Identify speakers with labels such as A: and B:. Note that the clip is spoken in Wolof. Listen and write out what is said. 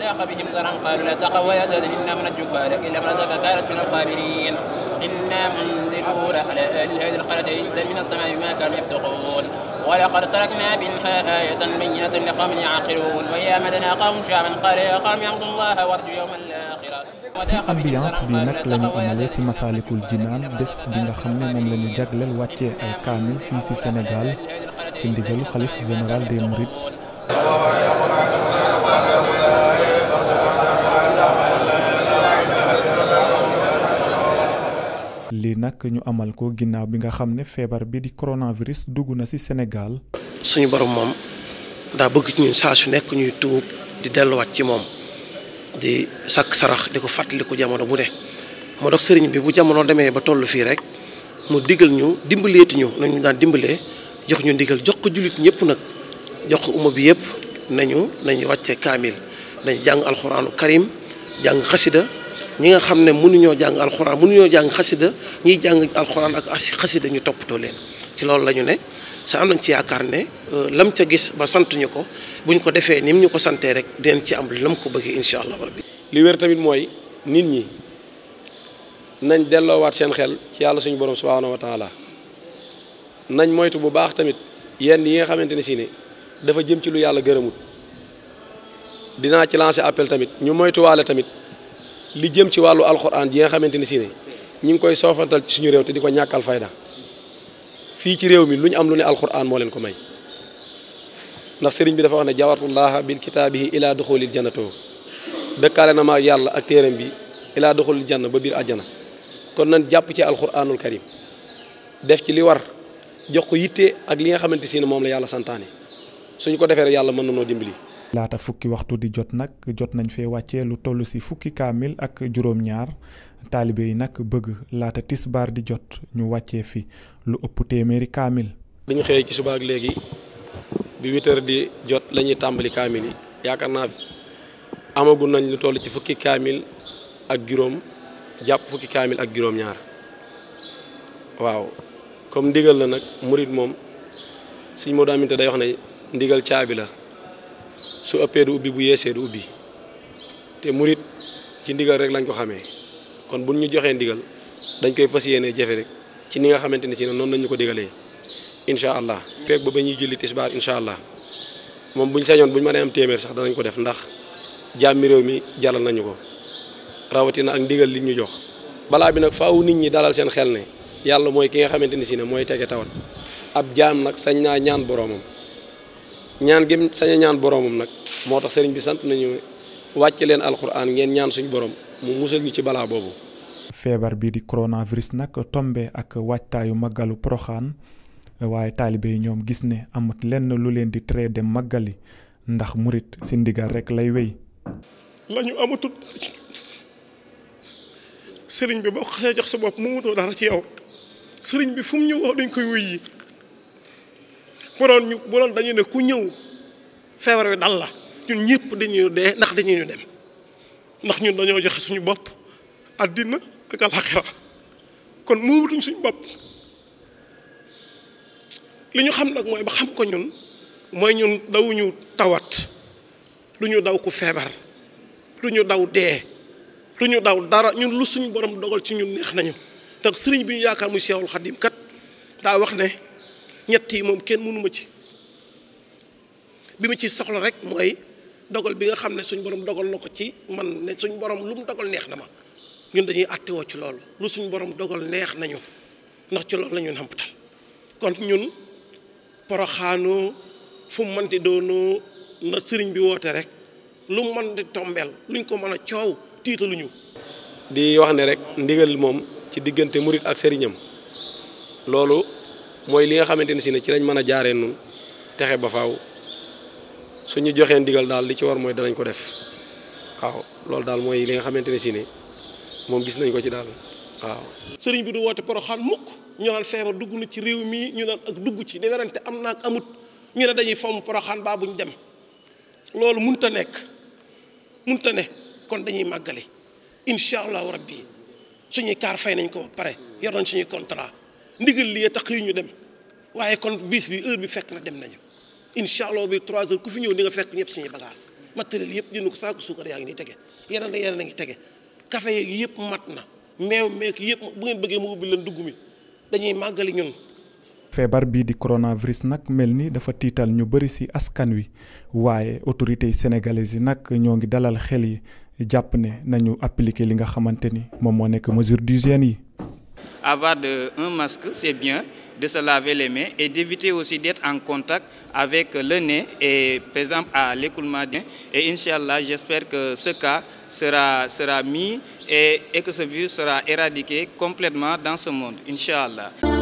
A: فذاق بهم ذرا قالوا لا تقوى ولا تهزم إنا من الجبار إلا من ذاك كانت من الخابرين إنا منذرون على أهل هذه القرية رجزا من السماء بما كانوا يفسقون ولقد تركنا منها آية بينة لقوم يعقلون ويا مدنا قوم شعبا قال يا قوم اعبدوا الله وارجوا يوم الآخرة si ambiance bi nag la ñu
B: amalee si Masaalikul Jinaan bés bi nga xam ne moom la ñu jagleel wàccee ay kaamil fii si Sénégal si ndigalu xalif général des Mourides li nak ñu amal ko ginnaw bi nga xamne febar bi di coronavirus duggu na ci senegal
A: suñu borom mom da bëgg ci ñun sa su nek ñuy tuub di wat ci mom di sak sarax fatali ko jamono bu ne mo dox serign bi bu jamono deme ba tollu fi rek mu diggal ñu dimbaleeti ñu nañu daan dimbalé jox ñu diggal jox ko julit ñepp nak jox ko umma bi yépp nañu nañu wacce kamil nañu jang karim Yang khasida ñi nga mënu ñoo jang alquran mënu ñoo jang khasida, ñi jang alquran ak khasida ñu toppatoo leen ci loolu lañu ne sa am nañ ci yaakaar ne euh, lam ca gis ba sant ñuko buñ ko defé nim ñuko santé rek den ci am lam ko bëgg inshallah rabbi li wër tamit moy nit ñi
C: nañ wat seen xel ci yalla suñu borom subhanahu wa taala nañ moytu bu baax tamit yenn yi nga xamanteni ci ne dafa jëm ci lu yalla gëremut dina ci lancer appel tamit ñu tamit li jëm ci wàllu alxuraan ji nga xamante ni si ne ñu ngi koy soofantal ci suñu réew te di ko ñàkkal fayda fii ci réew mi lu ñu am lu ne alxuraan moo leen ko may ndax sëriñ bi dafa wax ne jawartullaha bil kitaabihi ilaa duxulil jannatoo dëkkaale na ma ak yàlla ak téeram bi ilaa duxulil janna ba biir àjjana kon nan jàpp ci alxuraanul karim def ci li war jox ko yitte ak li nga xamante si ne moom la yàlla santaane suñu ko defee rek yàlla mën na noo
B: laata fukki waxtu di jot nag jot nañ fee wàccee lu toll si fukki kaamil ak juróom-ñaar taalibe yi nag bëgg laata tisbaar di jot ñu wàccee fi lu ëpp téeméeri kaamil.
C: bi xëyee ci suba ak léegi bi huit di jot lañuy tàmbali kaamil yi yaakaar naa amagu nañ lu toll ci fukki kaamil ak juróom jàpp fukki kaamil ak juróom-ñaar waaw comme ndigal la nag murit moom sëñ Modou Aminta day wax ne ndigal caabi la. su ëppee du ubbi bu yeesee du ubbi te murit ci ndigal rek lañ ko xamee kon bu ñu joxee ndigal dañ koy fas yéene jafe rek ci ni nga xamante ne si noonu lañ ñu ko digalee incha allah. feeg ba ba ñuy julli tisbaar incha allah moom buñ sañoon buñ mënee am téeméer sax danañ ko def ndax jàmmi réew mi jalal nañu ko rawatina ak ndigal li ñu jox. balaa bi nag faaw nit ñi dalal seen xel ne yàlla mooy ki nga xamante ne si ne mooy tege tawat ab jaam nag sañ naa ñaan boroomam. ñaan gi sañ ñaan boroomam nag moo tax sëriñ bi sant nañu wàcc leen alxuraan ngeen ñaan suñu borom mu musal ñu ci balaa boobu.
B: feebar bii di coronavirus nag tombe ak waajtaayu màggalu poroxaan waaye taalibe yi ñoom gis ne amut lenn lu leen di tere dem màggali ndax murit si ndigal rekk lay wéy.
A: lañu amatul sëriñ bi boo xasee jox sa bopp mu mutoo dara ci yow sëriñ bi fu mu ñëw dañ koy wuy yi bu doon ñu bu doon dañu ne ku ñëw feebar bi dal la ñun ñëpp dañuy dee ndax dañuy ñu dem ndax ñun dañoo joxe suñu bopp àddina ak alaxira kon moomatuñ suñu bopp li ñu xam nag mooy ba xam ko ñun mooy ñun dawuñu tawat du ñu daw ku feebar du ñu daw dee du ñu daw dara ñun lu suñu borom dogal ci ñun neex nañu ndax sëriñ bi ñu yaakaar muy Seexul Xadim kat daa wax ne ñett yi moom kenn mënuma ci bi ma ci soxla rek mooy dogal bi nga xam ne suñ borom dogal na ko ci man ne suñ borom lu mu dogal neex na ma ñun dañuy àttewoo ci loolu lu borom dogal neex nañu ndax ci loolu la ñu kon ñun poroxaanoo fu mu mënti doonoo na sëriñ bi woote rek lu mu mën di tombeel luñ ko mën a coow tiitaluñu.
C: di wax ne rek ndigal moom ci diggante murit ak sëriñam loolu. mooy li nga xamante ne si ci lañ mën a jaaree nun texe ba faaw suñu joxee ndigal daal li ci war mooy dalañ ko def waaw loolu daal mooy li nga xamante ne si ne moom gis nañ ko ci daal waaw.
A: sëriñ bi du woote poroxaan mukk ñu naan feebar dugg na ci réew mi ñu naan ak dugg ci di werante am na ak amut ñu ne dañuy fomm poroxaan baa bu ñu dem loolu mënut a nekk mënut a ne kon dañuy màggali incha allahu rabbi suñuy kaar fay nañ ko ba pare yor nañ suñuy contrat. ndigal lii tax yu ñu dem waaye kon bis bi heure bi fekk na dem nañu incha allah bi trois heures ku fi ñëw di nga fekk ñëpp suñuy bagage matériel yëpp jënd ko saako suukar yaa ngi nii tege yeneen ak yeneen a ngi tege kafe yeeg yëpp mat na meew meek yëpp bu ngeen bëggee mu ubbi leen dugg mi dañuy màggali ñun.
B: feebar bii di coronavirus nag mel ni dafa tiital ñu bëri si askan wi waaye autorités yi sénégalaises yi nag ñoo ngi dalal xel yi jàpp ne nañu appliquer li nga xamante ni moom moo nekk mesure d'hygiène yi.
A: Avoir un masque, c'est bien, de se laver les mains et d'éviter aussi d'être en contact avec le nez et par exemple à l'écoulement d'un. Et Inch'Allah, j'espère que ce cas sera, sera mis et,
B: et que ce virus sera éradiqué complètement dans ce monde. Inch'Allah.